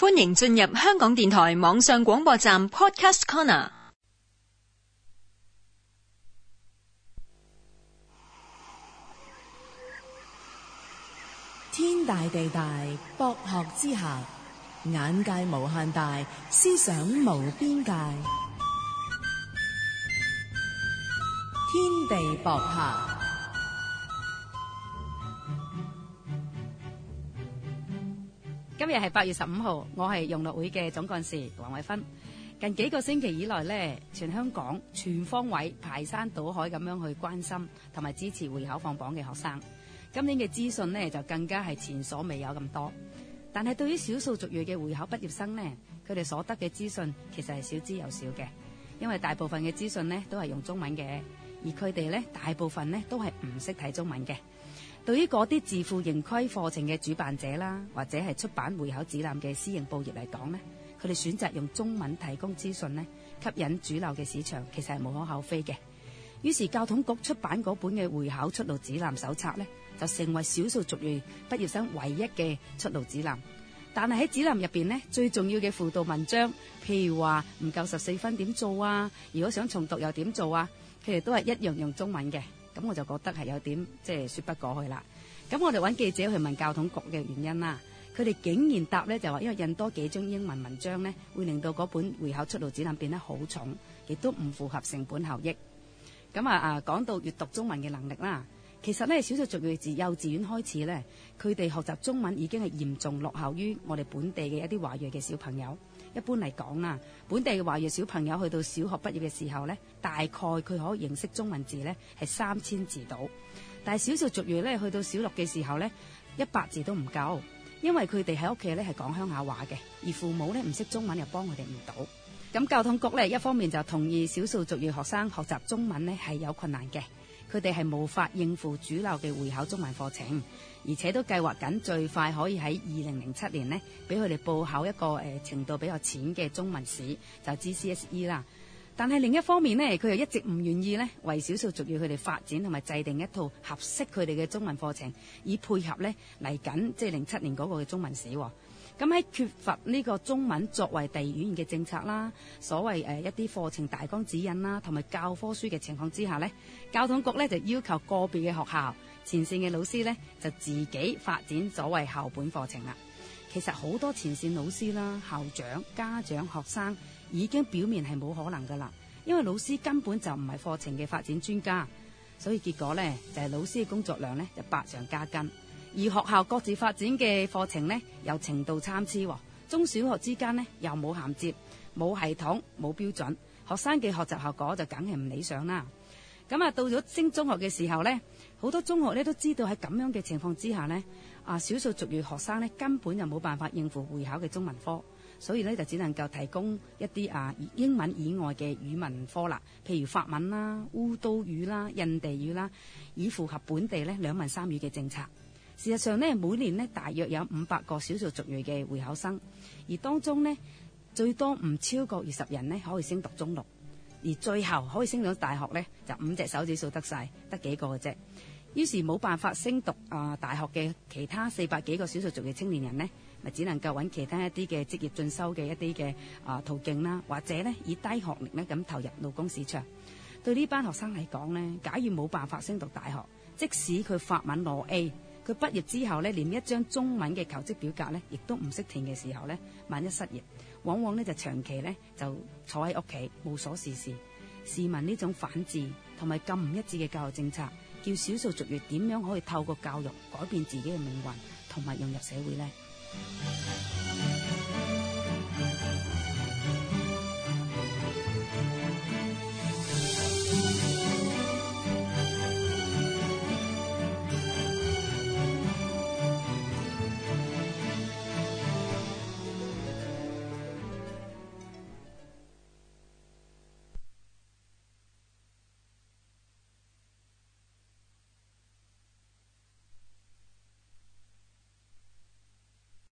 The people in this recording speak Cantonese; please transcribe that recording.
歡迎進入香港電台網上廣播站 Podcast Corner。天大地大，博學之下；眼界無限大，思想無邊界，天地博客。今日係八月十五號，我係融樂會嘅總幹事王惠芬。近幾個星期以來呢，全香港全方位排山倒海咁樣去關心同埋支持會考放榜嘅學生。今年嘅資訊呢就更加係前所未有咁多，但係對於少數族裔嘅會考畢業生呢，佢哋所得嘅資訊其實係少之又少嘅，因為大部分嘅資訊呢都係用中文嘅，而佢哋呢大部分呢都係唔識睇中文嘅。對於嗰啲自負盈虧課程嘅主辦者啦，或者係出版會考指南嘅私營報業嚟講呢，佢哋選擇用中文提供資訊呢，吸引主流嘅市場，其實係無可厚非嘅。於是教統局出版嗰本嘅會考出路指南手冊呢，就成為少數族裔畢業生唯一嘅出路指南。但係喺指南入邊呢，最重要嘅輔導文章，譬如話唔夠十四分點做啊，如果想重讀又點做啊，佢哋都係一樣用中文嘅。咁我就覺得係有點，即係、就是、說不過去啦。咁我哋揾記者去問教統局嘅原因啦，佢哋竟然答呢，就話，因為印多幾張英文文章呢，會令到嗰本會考出路指南變得好重，亦都唔符合成本效益。咁啊啊，講到閱讀中文嘅能力啦，其實呢，少數族裔自幼稚園開始呢，佢哋學習中文已經係嚴重落後於我哋本地嘅一啲華裔嘅小朋友。一般嚟講啊，本地華裔小朋友去到小學畢業嘅時候呢，大概佢可認識中文字呢係三千字度。但係少數族裔呢，去到小六嘅時候呢，一百字都唔夠，因為佢哋喺屋企呢係講鄉下話嘅，而父母呢唔識中文又幫佢哋唔到。咁教統局呢一方面就同意少數族裔學生學習中文呢係有困難嘅。佢哋係無法應付主流嘅會考中文課程，而且都計劃緊最快可以喺二零零七年咧，俾佢哋報考一個誒、呃、程度比較淺嘅中文試，就 GCSE 啦。但係另一方面咧，佢又一直唔願意咧，為少數族裔佢哋發展同埋制定一套合適佢哋嘅中文課程，以配合咧嚟緊即係零七年嗰個嘅中文試，哦。咁喺缺乏呢個中文作為第二語言嘅政策啦，所謂誒一啲課程大綱指引啦，同埋教科書嘅情況之下咧，教統局咧就要求個別嘅學校前線嘅老師咧就自己發展所謂校本課程啦。其實好多前線老師啦、校長，家長、學生已經表面係冇可能噶啦，因為老師根本就唔係課程嘅發展專家，所以結果咧就係、是、老師嘅工作量咧就百上加斤。而學校各自發展嘅課程咧，又程度參差、哦，中小學之間咧又冇銜接、冇系統、冇標準，學生嘅學習效果就梗係唔理想啦。咁、嗯、啊，到咗升中學嘅時候咧，好多中學咧都知道喺咁樣嘅情況之下咧，啊少數族裔學生咧根本就冇辦法應付會考嘅中文科，所以呢，就只能夠提供一啲啊英文以外嘅語文科啦，譬如法文啦、烏都語啦、印地語啦，以符合本地咧兩文三語嘅政策。事實上咧，每年咧大約有五百個少數族裔嘅會考生，而當中咧最多唔超過二十人咧可以升讀中六，而最後可以升到大學咧就五隻手指數得晒，得幾個嘅啫。於是冇辦法升讀啊、呃、大學嘅其他四百幾個少數族嘅青年人咧，咪只能夠揾其他一啲嘅職業進修嘅一啲嘅啊途徑啦，或者咧以低學歷咧咁投入勞工市場。對呢班學生嚟講咧，假如冇辦法升讀大學，即使佢法文攞 A。佢畢業之後呢，連一張中文嘅求職表格呢亦都唔識填嘅時候呢，萬一失業，往往呢就長期呢就坐喺屋企無所事事。市民呢種反智同埋咁唔一致嘅教育政策，叫少數族裔點樣可以透過教育改變自己嘅命運同埋融入社會呢？